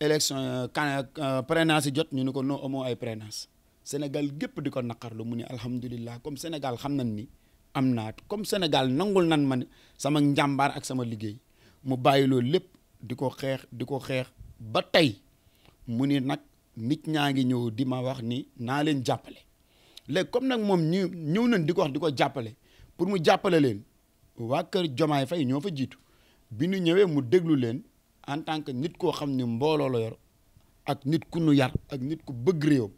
élection euh, euh, parrainage yi jot ñu ni ko non amoo ay parrainage senegal gépp di ko naqarlu mu ni alhamdulilah comme senegal xam na ni am naa comme senegal nangul nan ma ne sama njàmbaar ak sama liggéey mu bàyyi loolu lépp di ko xeex di ko xeex ba tey mu ni nag nit ñaa ngi ñëw di ma wax ni naa leen jàppale léegi comme nag moom ñu ñëw nañ di ko wax di ko jàppale pour mu jàppale leen waa kër Jomaay Fay ñoo fa jiitu bi ñu ñëwee mu déglu leen en tant que nit koo xam ni mbooloo la yor ak nit ku nu yar ak nit ku bëgg réew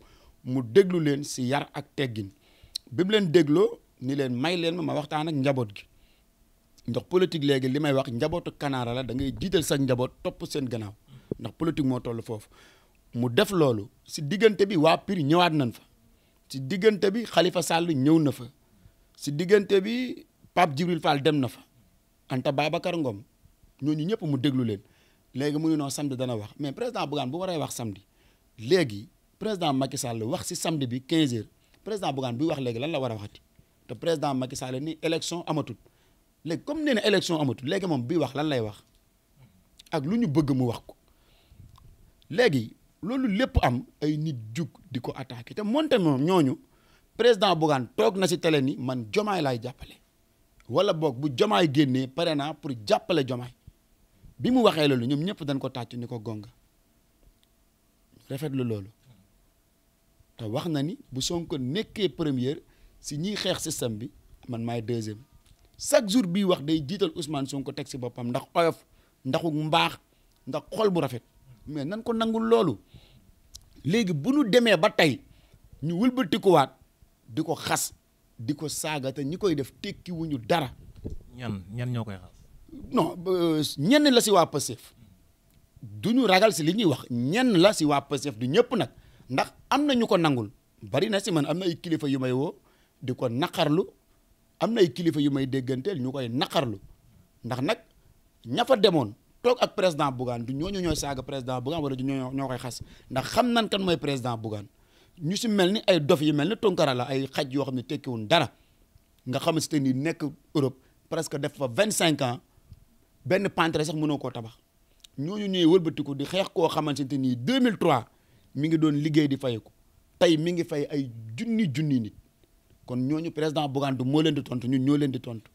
mu déglu leen si yar ak teggin bi mu leen dégloo ni leen may leen ma ma waxtaan ak njaboot gi ndax politique léegi li may wax njabootu kanaara la da ngay jiital sa njaboot topp seen gannaaw ndax politique moo toll foofu mu def loolu si diggante bi waa Pire ñëwaat nañ ci diggante bi Khalifa Sall ñëw na fa si diggante bi Pape Djibril Fall dem na fa Anta Babacar Ngom ñooñu ñëpp mu déglu leen léegi mu ne noo samedi dana wax mais président Bougane bu waree wax samedi léegi président Macky Sall wax si samedi bi quinze h président Bougane buy wax léegi lan la war a waxati te président Macky Sall ni élection amatul léegi comme nee na élection amatul léegi moom buy wax lan lay wax ak lu ñu bëgg mu wax ko léegi. loolu lépp am ay nit jug di ko attaqué te moonte moom ñooñu président Bougane toog na si télé ni man jomaay laay jàppale wala boog bu jomaay génnee pare naa pour jàppale jomaay bi mu waxee loolu ñoom ñëpp dañ ko tàcc ni ko gonga rafetlu loolu te wax na ni bu Sonko nekkee première si ñiy xeex système bi man maay deuxième chaque jour bii wax day jiital Ousmane ko teg si boppam ndax oyof ndaxu mbaax ndax xol bu rafet mais nan ko nangul loolu léegi bu nu demee ba tey ñu wëlbatikuwaat di ko xas di ko saaga ñi koy def tekkiwuñu dara. ñan ñan ñoo koy xas. non ñenn la si waa Pastef du ñu ragal si li ñuy wax ñenn la si waa Pastef du ñëpp nag ndax am na ñu ko nangul bari na si man am na ay kilifa yu may woo di ko naqarlu am na ay kilifa yu may dégganteel ñu koy naqarlu ndax nag ña fa demoon toog ak président Bougane du ñooñu ñooy saaga président Bougane wala du ñoo ñoo koy xas ndax xam nan kan mooy président Bougane ñu si mel ni ay dof yi mel ni Tunkara la ay xaj yoo xam ne tekkiwun dara nga xam te ni nekk Europe presque def fa vingt cinq ans benn pantre sax munoo koo tabax ñooñu ñëwee wëlbatiku di xeex koo xamante ni 2003 mi ngi doon liggéey di fayeku tey mi ngi fay ay junni junni nit kon ñooñu président Bougane moo leen di tontu ñun ñoo leen di tontu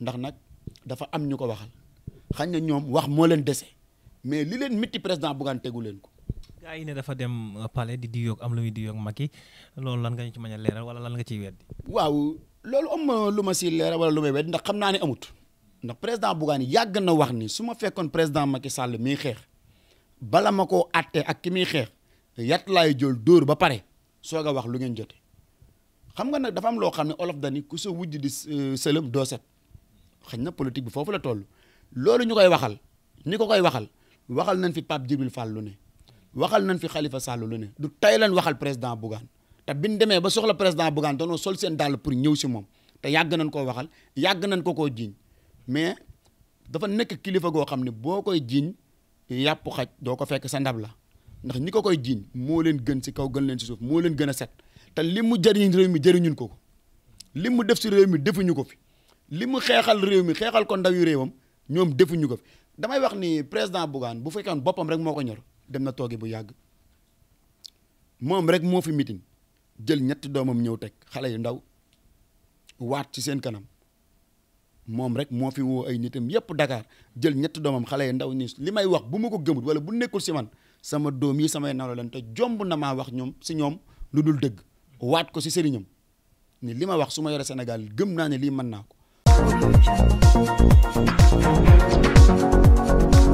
ndax nag dafa am ñu ko waxal. xañ na ñoom wax moo leen dese mais li leen mitti président Bougane leen ko. gaa yi ne dafa dem euh, palais di di am lu muy di yoog Macky loolu lan nga ci mën a leeral wala lan nga ciy weddi. waaw loolu am lu ma si leeral wala lu may weddi ndax xam naa ne amut ndax président Bougane yàgg na wax ni su ma fekkoon président Macky sàll miy xeex bala ma koo àtte ak ki muy xeex yat laay jël dóor ba pare soog a wax lu ngeen jote xam nga nag dafa am loo xam ne olof dani ku sa wujj di euh, sëlëm doo set xëy na politique bi foofu la toll loolu ñu koy waxal ñi ko koy waxal waxal nañ fi Pape Djibril Fall lu ne waxal nañ fi Khalifa Sall lu ne du tey lañ waxal président Bougane te biñ demee ba soxla président Bougane doonoo sol seen dàll pour ñëw si moom te yàgg nañ koo waxal yàgg nañ ko koo jiiñ mais dafa nekk kilifa goo xam ne boo koy jiiñ yàpp xaj doo ko fekk sa ndab la ndax ñi ko koy jiiñ moo leen gën si kaw gën leen si suuf moo leen gën a set te li mu jëriñ réew mi jëriñun ko ko li mu def si réew mi defuñu ko fi li mu xeexal réew mi xeexal ko ndaw réewam ñoom defuñu ko fi damay wax ni président Bougane bu fekkoon boppam rek moo ko ñor dem na tooge bu yàgg moom rek moo fi mitin jël ñetti doomam ñëw teg xale yu ndaw waat ci seen kanam moom rek moo fi woo ay nitam yëpp Dakar jël ñetti doomam xale yu ndaw nii li may wax bu ma ko gëmul wala bu nekkul si man sama doom yi samay nawla leen jomb na maa wax ñoom si ñoom lu dul dëgg waat ko si sëriñam ni li ma wax suma ma yore Sénégal gëm naa ne lii mën naa ko Audio Jungle.